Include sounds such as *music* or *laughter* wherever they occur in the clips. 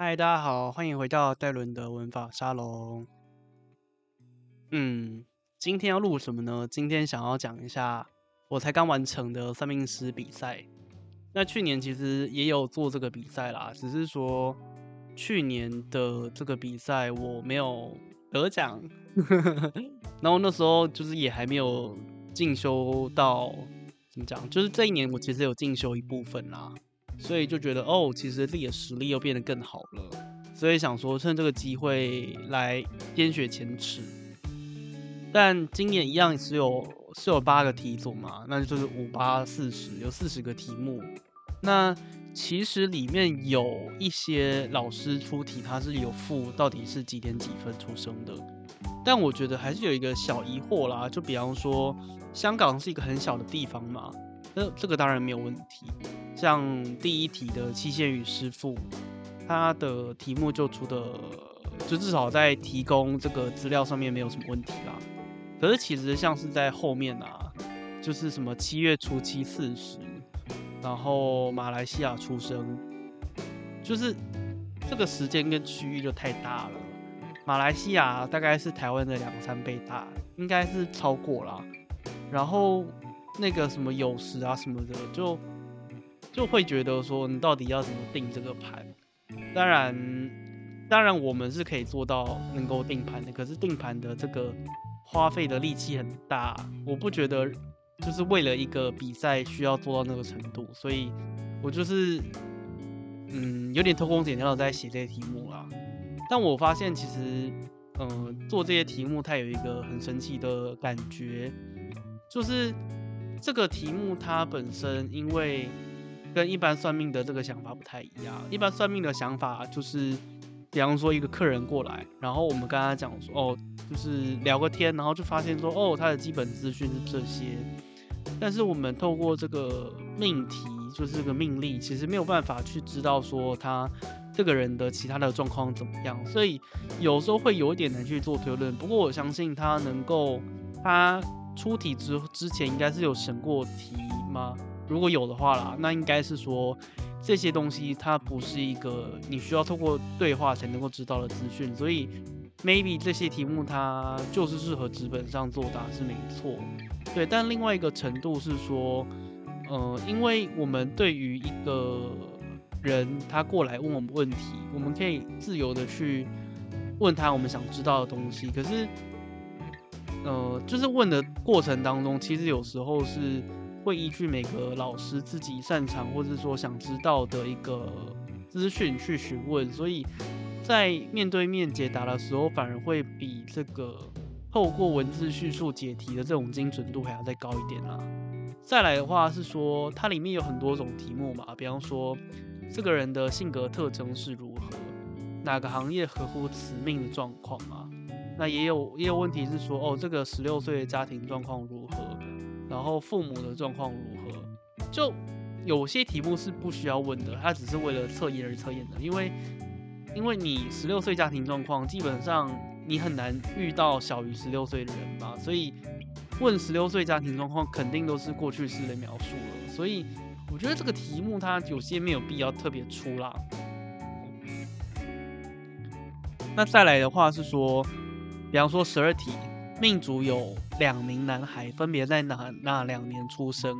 嗨，Hi, 大家好，歡迎回到戴倫的文法沙龍。嗯，今天要錄什麼呢？今天想要講一下我才剛完成的算命師比賽。那去年其實也有做這個比賽啦，只是說去年的這個比賽我沒有得獎。 *laughs* 然後那時候就是也還沒有進修到，怎麼講，就是這一年我其實有進修一部分啦。所以就覺得哦，其實自己的實力又變得更好了，所以想說趁這個機會來洗雪前恥。但今年一樣，只有是有八個題組嘛，那就是五八四十，有四十個題目。那其實裡面有一些老師出題，他是有附到底是幾點幾分出生的。但我覺得還是有一個小疑惑啦，就比方說香港是一個很小的地方嘛，那這個當然沒有問題。像第一題的期限與師傅，他的題目就出的，就至少在提供這個資料上面沒有什麼問題啦。可是其實像是在後面啊，就是什麼七月初七四十，然後馬來西亞出生，就是這個時間跟區域就太大了。馬來西亞大概是台灣的兩三倍大，應該是超過啦。然後那個什麼有時啊什麼的就。就會覺得說你到底要怎麼定這個盤？當然，當然我們是可以做到能夠定盤的，可是定盤的這個花費的力氣很大，我不覺得就是為了一個比賽需要做到那個程度，所以我就是嗯有點偷工減料在寫這些題目啦。但我發現其實嗯做這些題目它有一個很神奇的感覺，就是這個題目它本身因為。跟一般算命的這個想法不太一樣。一般算命的想法就是，比方說一個客人過來，然後我們跟他講說，哦，就是聊個天，然後就發現說，哦，他的基本資訊是這些。但是我們透過這個命題，就是這個命例，其實沒有辦法去知道說他這個人的其他的狀況怎麼樣。所以有時候會有一點難去做推論。不過我相信他能夠，他出題之之前應該是有審過題嗎？如果有的話啦，那應該是說，這些東西它不是一個你需要透過對話才能夠知道的資訊，所以 maybe 這些題目它就是適合紙本上作答是沒錯，對。但另外一個程度是說，呃，因為我們對於一個人他過來問我們問題，我們可以自由的去問他我們想知道的東西，可是，呃，就是問的過程當中，其實有時候是。會依據每個老師自己擅長或者說想知道的一個資訊去詢問，所以在面對面解答的時候，反而會比這個透過文字敘述解題的這種精準度還要再高一點啊。再來的話是說，它裡面有很多種題目嘛，比方說這個人的性格特徵是如何，哪個行業合乎此命的狀況啊？那也有也有問題是說，哦，這個十六歲的家庭狀況如何？然後父母的狀況如何？就有些題目是不需要問的，它只是為了測驗而測驗的。因為，因為你十六歲家庭狀況，基本上你很難遇到小於十六歲的人吧，所以問十六歲家庭狀況肯定都是過去式的描述了。所以我覺得這個題目它有些沒有必要特別出啦。那再來的話是說，比方說十二題。命主有兩名男孩，分別在哪那兩年出生？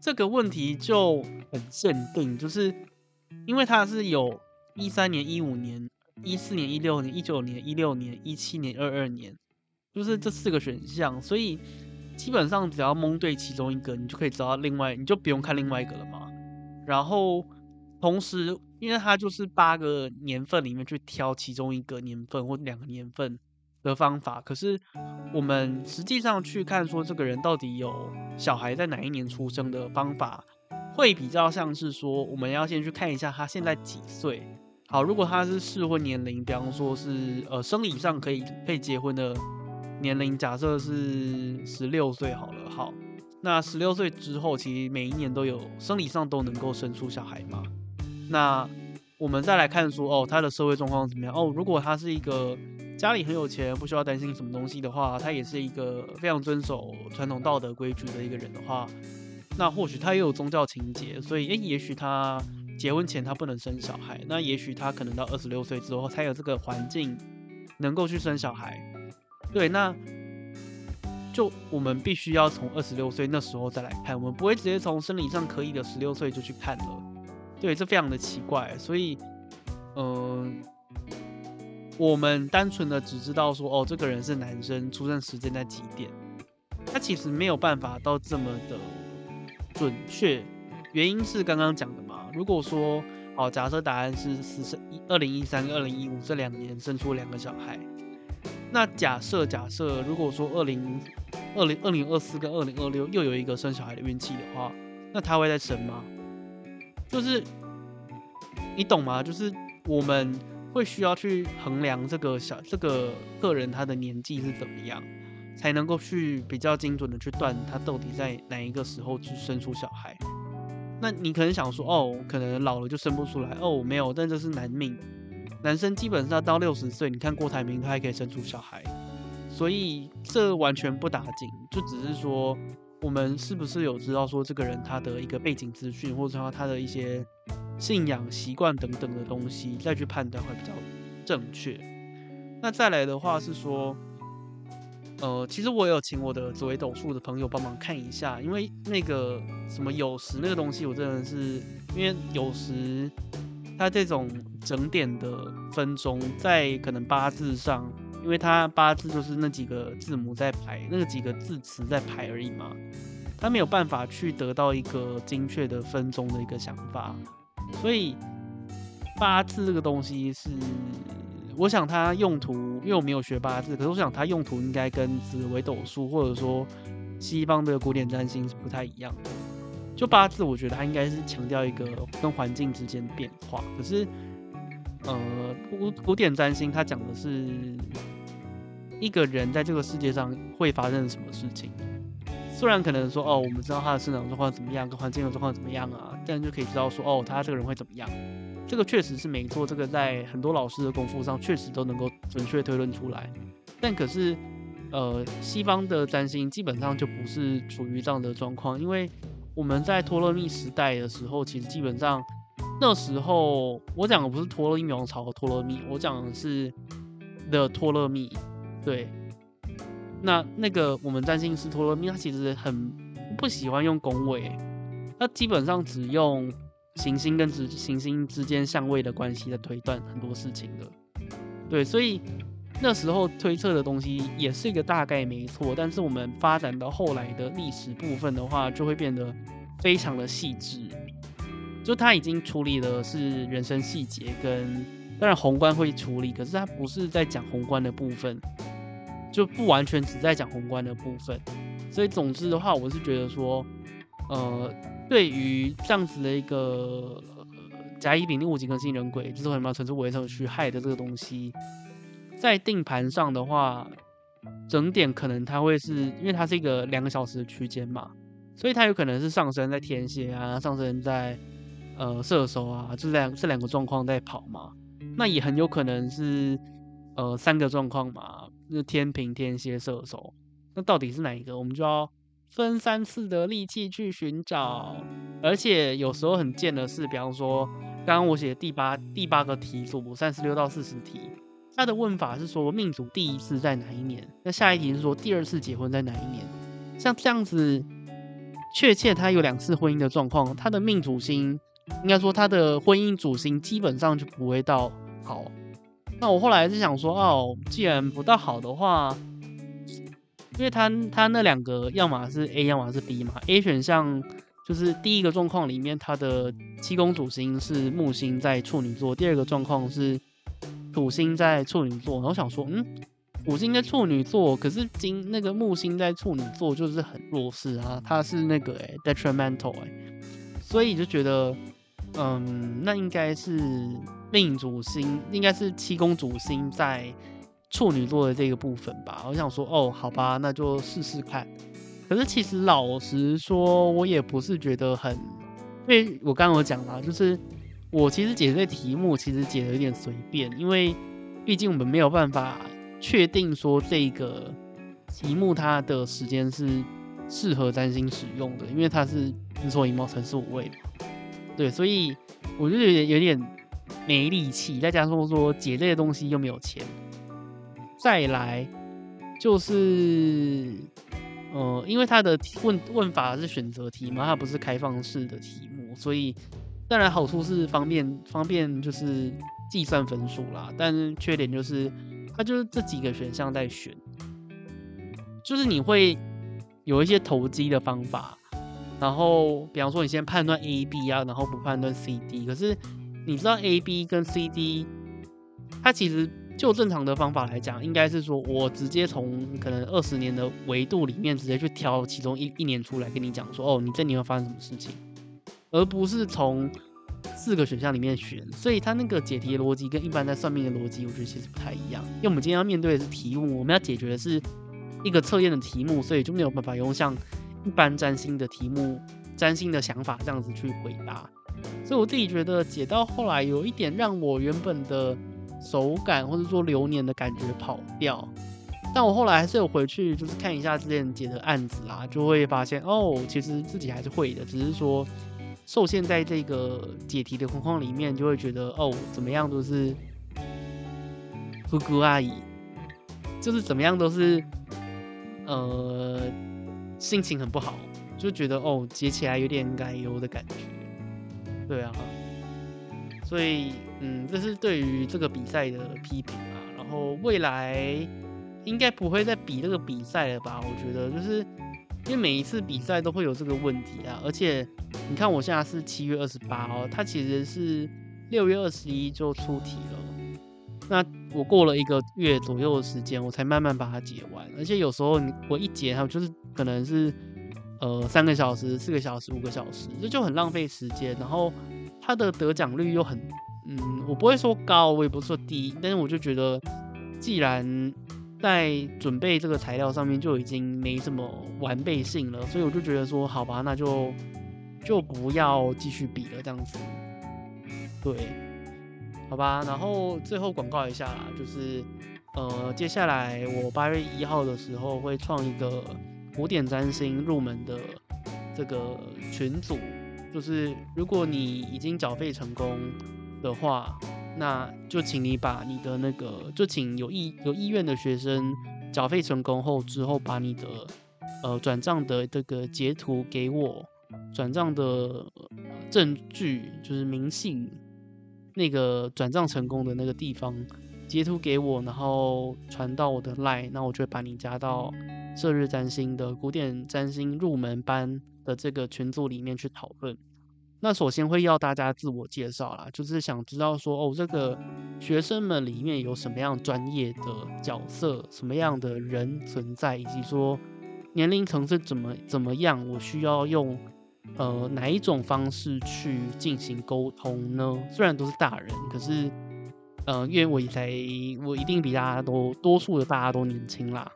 這個問題就很限定，就是因為他是有一三年、一五年、一四年、一六年、一九年、一六年、一七年、二二年，就是這四個選項，所以基本上只要蒙對其中一個，你就可以找到另外，你就不用看另外一個了嘛。然後同時，因為他就是八個年份裡面去挑其中一個年份或兩個年份。的方法，可是我們實際上去看說這個人到底有小孩在哪一年出生的方法，會比較像是說我們要先去看一下他現在幾歲。好，如果他是適婚年齡，比方說是呃生理上可以可以結婚的年齡，假設是十六歲好了。好，那十六歲之後，其實每一年都有生理上都能夠生出小孩嗎？那我們再來看說哦他的社會狀況怎麼樣？哦，如果他是一個。家裡很有錢，不需要擔心什麼東西的話，他也是一個非常遵守傳統道德規矩的一個人的話，那或許他也有宗教情結，所以、欸、也許他結婚前他不能生小孩，那也許他可能到二十六歲之後才有這個環境能夠去生小孩。對，那就我們必須要從二十六歲那時候再來看，我們不會直接從生理上可以的十六歲就去看了。對，這非常的奇怪，所以，嗯、呃。我們單純的只知道說哦，這個人是男生，出生時間在幾點？他其實沒有辦法到這麼的準確，原因是剛剛講的嘛。如果說，好，假設答案是是是是二零一三跟二零一五這兩年生出兩個小孩，那假設假設，如果說二零二零二零二四跟二零二六又有一個生小孩的運氣的話，那他會再生嗎？就是你懂嗎？就是我們。會需要去衡量這個小這個個人他的年紀是怎麼樣，才能夠去比較精準的去斷他到底在哪一個時候去生出小孩。那你可能想說，哦，可能老了就生不出來。哦，沒有，但這是男命，男生基本上到六十歲，你看郭台銘他還可以生出小孩，所以這完全不打緊。就只是說，我們是不是有知道說這個人他的一個背景資訊，或者說他的一些。信仰、習慣等等的東西，再去判斷，會比較正確。那再來的話是說，呃，其實我有請我的紫微斗數的朋友幫忙看一下，因為那個什麼有時那個東西，我真的是因為有時它這種整點的分鐘，在可能八字上，因為它八字就是那幾個字母在排，那幾個字詞在排而已嘛，他沒有辦法去得到一個精確的分鐘的一個想法。所以八字這個東西是，我想它用途，因為我沒有學八字，可是我想它用途應該跟紫微斗數或者說西方的古典占星是不太一樣的。就八字，我覺得它應該是強調一個跟環境之間的變化。可是，呃，古古典占星它講的是一個人在這個世界上會發生什麼事情。雖然可能說哦，我們知道他的生長狀況怎麼樣，跟環境的狀況怎麼樣啊，但就可以知道說哦，他這個人會怎麼樣。這個確實是沒錯，這個在很多老師的功夫上確實都能夠準確推論出來。但可是，呃，西方的占星基本上就不是屬於這樣的狀況，因為我們在托勒密時代的時候，其實基本上那時候我講的不是托勒密王朝的托勒密，我講的是的托勒密，對。那那個我們占星師托勒密他其實很不喜歡用宮位，他基本上只用行星跟直行星之間相位的關係在推斷很多事情的，對，所以那時候推測的東西也是一個大概沒錯，但是我們發展到後來的歷史部分的話，就會變得非常的細緻，就他已經處理的是人生細節跟當然宏觀會處理，可是他不是在講宏觀的部分。就不完全只在講宏觀的部分，所以總之的話，我是覺得說，呃，對於這樣子的一個甲乙丙丁戊己庚辛壬癸，就是我們要純受為所虛害的這個東西，在定盤上的話，整點可能它會是因為它是一個兩個小時的區間嘛，所以它有可能是上升在天蠍啊，上升在呃射手啊，就是這兩個狀況在跑嘛，那也很有可能是呃三個狀況嘛。是天秤、天蠍、射手，那到底是哪一個？我們就要分三次的力氣去尋找，而且有時候很賤的是，比方說，剛剛我寫的第八第八個題組，三十六到四十題，他的問法是說，命主第一次在哪一年？那下一題是說第二次結婚在哪一年？像這樣子，確切他有兩次婚姻的狀況，他的命主星，應該說他的婚姻主星基本上就不會到好。那我後來是想說，哦，既然不大好的話，因為他他那兩個，要麼是 A，要麼是 B 嘛。A 選項就是第一個狀況裡面，他的七宮主星是木星在處女座；第二個狀況是土星在處女座。然後我想說，嗯，土星在處女座，可是金那個木星在處女座就是很弱勢啊，他是那個誒、欸、detrimental 哎、欸，所以就覺得。嗯，那應該是命主星，應該是七宮主星在處女座的這個部分吧。我想說，哦，好吧，那就試試看。可是其實老實說，我也不是覺得很，因為我剛剛有講啦，就是我其實解這題目其實解的有點隨便，因為畢竟我們沒有辦法確定說這個題目它的時間是適合占星使用的，因為它是你說以卯辰是五位的。對，所以我就有點有點沒力氣，再加上說解這些東西又沒有錢，再來就是，呃，因為它的問問法是選擇題嘛，它不是開放式的題目，所以，當然好處是方便方便就是計算分數啦，但缺點就是它就是這幾個選項在選，就是你會有一些投機的方法。然後，比方說你先判斷 A、B 啊，然後不判斷 C、D。可是你知道 A、B 跟 C、D，它其實就正常的方法來講，應該是說，我直接從可能二十年的維度裡面直接去挑其中一一年出來跟你講說，哦，你這年會發生什麼事情，而不是從四個選項裡面選。所以它那個解題的邏輯跟一般在算命的邏輯，我覺得其實不太一樣。因為我們今天要面對的是題目，我們要解決的是一個測驗的題目，所以就沒有辦法用像。一般占星的題目，占星的想法這樣子去回答，所以我自己覺得解到後來有一點讓我原本的手感，或者說流年的感覺跑掉。但我後來還是有回去，就是看一下之前解的案子啦、啊，就會發現哦，其實自己還是會的，只是說受限在這個解題的框框裡面，就會覺得哦，怎麼樣都是姑姑阿姨，就是怎麼樣都是呃。心情很不好，就覺得哦，接起來有點該憂的感覺，對啊，所以嗯，這是對於這個比賽的批評啊。然後未來應該不會再比這個比賽了吧？我覺得，就是因為每一次比賽都會有這個問題啊。而且你看，我現在是七月二十八哦，它其實是六月二十一就出題了。那我過了一個月左右的時間，我才慢慢把它解完。而且有時候我一解它，就是可能是呃三個小時、四個小時、五個小時，這就很浪費時間。然後它的得獎率又很嗯，我不會說高，我也不會說低，但是我就覺得，既然在準備這個材料上面就已經沒什麼完備性了，所以我就覺得說，好吧，那就就不要繼續比了，這樣子，對。好吧，然後最後廣告一下啦，就是呃，接下來我八月一號的時候會創一個古典占星入門的這個群組，就是如果你已經繳費成功的話，那就請你把你的那個，就請有意有意願的學生繳費成功後之後把你的呃轉賬的這個截圖給我，轉賬的證據就是明信。那個轉賬成功的那個地方截圖給我，然後傳到我的賴，那我就會把你加到射日占星的古典占星入門班的這個群組裡面去討論。那首先會要大家自我介紹啦，就是想知道說哦，這個學生們裡面有什麼樣專業的角色，什麼樣的人存在，以及說年齡層是怎麼怎麼樣，我需要用。呃，哪一種方式去進行溝通呢？雖然都是大人，可是，呃，因為我在，我一定比大家都，多數的大家都年輕啦，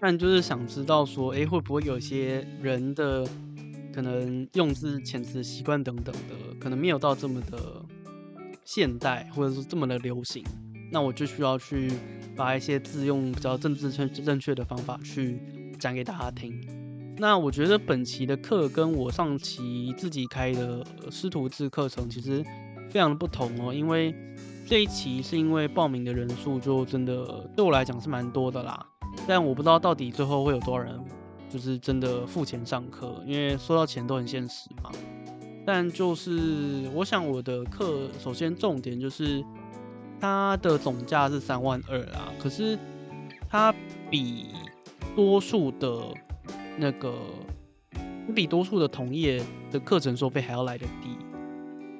但就是想知道說，誒，會不會有些人的可能用字遣詞習慣等等的，可能沒有到這麼的現代，或者是這麼的流行，那我就需要去把一些字用比較政治正正確的方法去講給大家聽。那我覺得本期的課跟我上期自己開的師徒制課程其實非常的不同哦，因為這一期是因為報名的人數就真的對我來講是蠻多的啦，但我不知道到底最後會有多少人就是真的付錢上課，因為說到錢都很現實嘛。但就是我想我的課首先重點就是它的總價是三萬二啦，可是它比多數的。那個比多數的同業的課程收費還要來得低。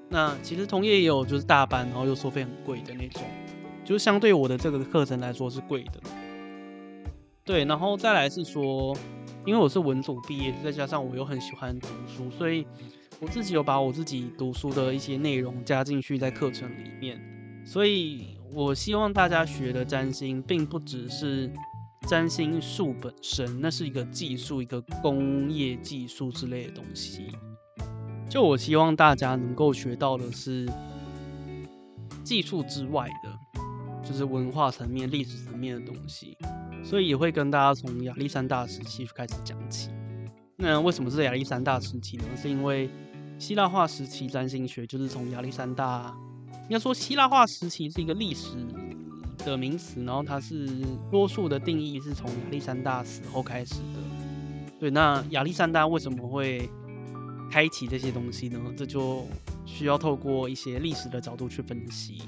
那其實同業也有就是大班，然後又收費很貴的那種，就是相對我的這個課程來說是貴的。對，然後再來是說，因為我是文組畢業，再加上我又很喜歡讀書，所以我自己有把我自己讀書的一些內容加進去在課程裡面，所以我希望大家學的占星並不只是。占星術本身，那是一個技術，一個工業技術之類的東西。就我希望大家能夠學到的是技術之外的，就是文化層面、歷史層面的東西。所以也會跟大家從亞歷山大時期開始講起。那為什麼是亞歷山大時期呢？是因為希臘化時期占星學就是從亞歷山大，應該說希臘化時期是一個歷史的名詞，然後它是多數的定義是從亞歷山大死後開始的。對，那亞歷山大為什麼會開啟這些東西呢？這就需要透過一些歷史的角度去分析，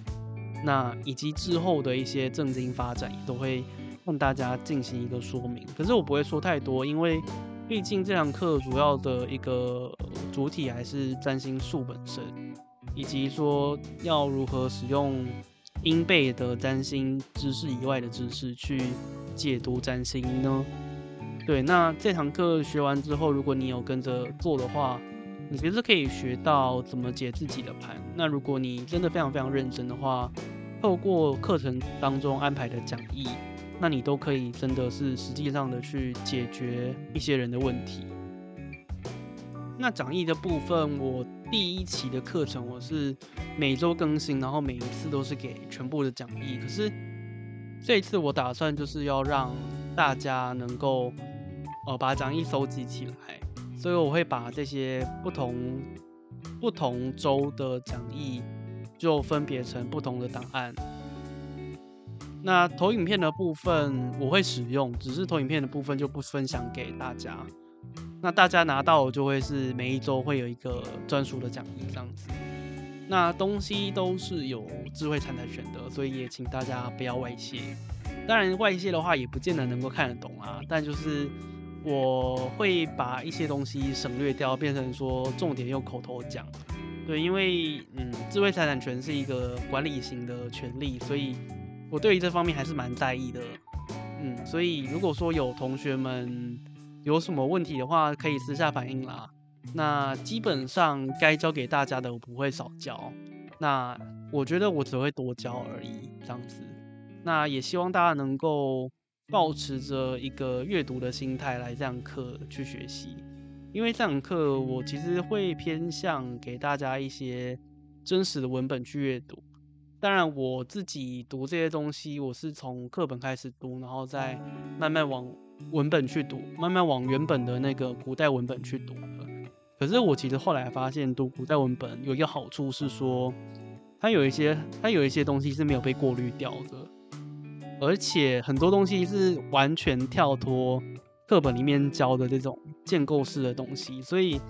那以及之後的一些政經發展都會向大家進行一個說明。可是我不會說太多，因為畢竟這堂課主要的一個主體還是占星術本身，以及說要如何使用。因背的占星知識以外的知識去解讀占星呢？對，那這堂課學完之後，如果你有跟着做的話，你其實可以學到怎麼解自己的盤。那如果你真的非常非常認真的話，透過課程當中安排的講義，那你都可以真的是實際上的去解決一些人的問題。那講義的部分，我第一期的課程我是每週更新，然後每一次都是給全部的講義。可是這一次我打算就是要讓大家能夠呃把講義收集起來，所以我會把這些不同不同週的講義就分別成不同的檔案。那投影片的部分我會使用，只是投影片的部分就不分享給大家。那大家拿到就會是每一周會有一個專屬的講義這樣子，那東西都是有智慧財產權的，所以也請大家不要外泄。當然外泄的話也不見得能夠看得懂啊，但就是我會把一些東西省略掉，變成說重點用口頭講。對，因為嗯，智慧財產權是一個管理型的權利，所以我對於這方面還是蠻在意的。嗯，所以如果說有同學們。有什麼問題的話，可以私下反映啦。那基本上該教給大家的，我不會少教。那我覺得我只會多教而已，這樣子。那也希望大家能夠抱持着一個閱讀的心態來這堂課去學習，因為這堂課我其實會偏向給大家一些真實的文本去閱讀。當然，我自己讀這些東西，我是從課本開始讀，然後再慢慢往。文本去讀，慢慢往原本的那個古代文本去讀。可是我其實後來發現，讀古代文本有一個好處是說，它有一些，它有一些東西是沒有被過濾掉的，而且很多東西是完全跳脫課本裡面教的這種建構式的東西。所以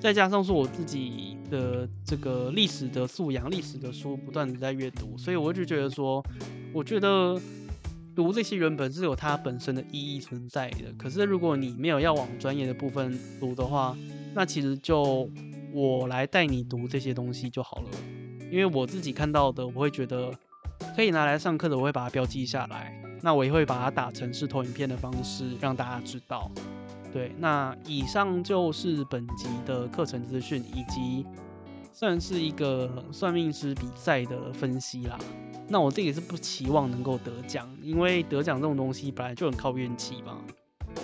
再加上說我自己的這個歷史的素養，歷史的書不斷的在閱讀，所以我就覺得說，我覺得。讀這些原本是有它本身的意義存在的，可是如果你沒有要往專業的部分讀的話，那其實就我來帶你讀這些東西就好了。因為我自己看到的，我會覺得可以拿來上課的，我會把它標記下來。那我也會把它打成是投影片的方式讓大家知道。對，那以上就是本集的課程資訊，以及算是一個算命師比賽的分析啦。那我自己也是不期望能夠得獎，因為得獎這種東西本來就很靠運氣嘛，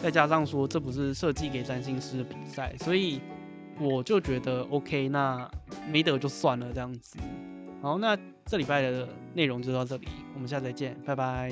再加上說這不是設計給占星師的比賽，所以我就覺得 OK，那沒得就算了這樣子。好，那這禮拜的內容就到這裡，我們下次再見，拜拜。